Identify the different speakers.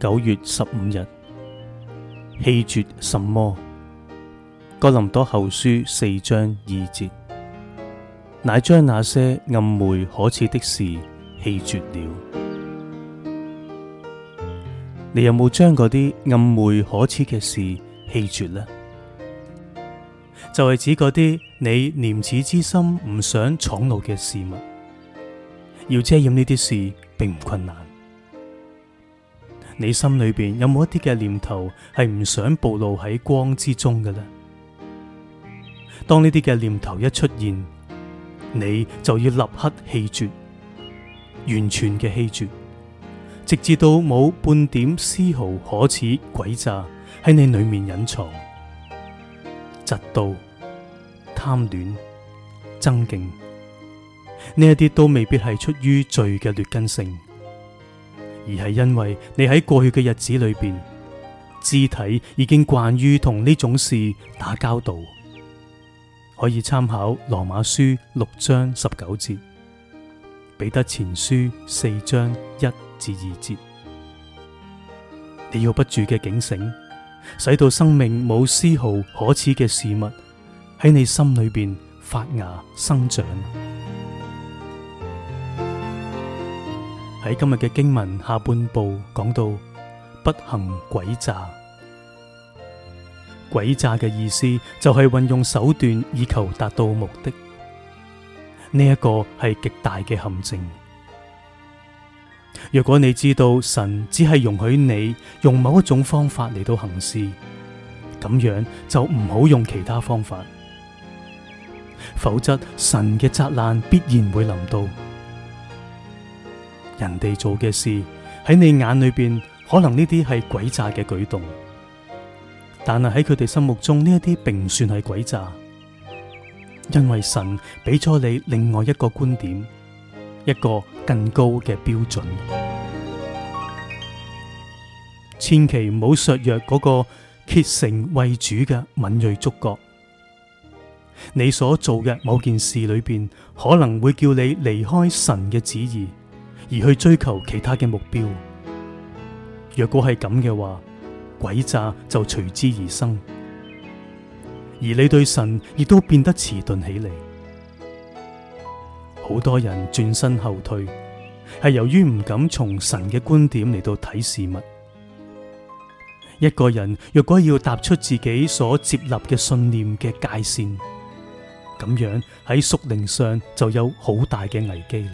Speaker 1: 九月十五日，棄絕什麼？哥林多後書四章二節，乃將那些暗昧可恥的事棄絕了。你有冇將嗰啲暗昧可恥嘅事棄絕呢？就係指嗰啲你廉恥之心唔想闖露嘅事物，要遮掩呢啲事並唔困難。你心裏邊有冇一啲嘅念頭係唔想暴露喺光之中嘅呢？當呢啲嘅念頭一出現，你就要立刻棄絕，完全嘅棄絕，直至到冇半點絲毫可恥詭詐喺你裏面隱藏。嫉妒、貪戀、爭競呢一啲都未必係出於罪嘅劣根性。而係因為你喺過去嘅日子裏邊，肢體已經慣於同呢種事打交道，可以參考羅馬書六章十九節，彼得前書四章一至二節，你要不住嘅警醒，使到生命冇絲毫可恥嘅事物喺你心裏邊發芽生長。喺今日嘅經文下半部講到，不行詭詐，詭詐嘅意思就係運用手段以求達到目的。呢一個係極大嘅陷阱。若果你知道神只係容許你用某一種方法嚟到行事，咁樣就唔好用其他方法，否則神嘅責難必然會臨到。人哋做嘅事喺你眼裏邊，可能呢啲係詭詐嘅舉動，但係喺佢哋心目中呢一啲並唔算係詭詐，因為神俾咗你另外一個觀點，一個更高嘅標準。千祈唔好削弱嗰個竭誠為主嘅敏銳觸覺。你所做嘅某件事裏邊，可能會叫你離開神嘅旨意，而去追求其他嘅目標，若果係咁嘅話，詭詐就隨之而生，而你對神亦都變得遲鈍起嚟。好多人轉身後退，係由於唔敢從神嘅觀點嚟到睇事物。一個人若果要踏出自己所接納嘅信念嘅界線，咁樣喺屬靈上就有好大嘅危機啦。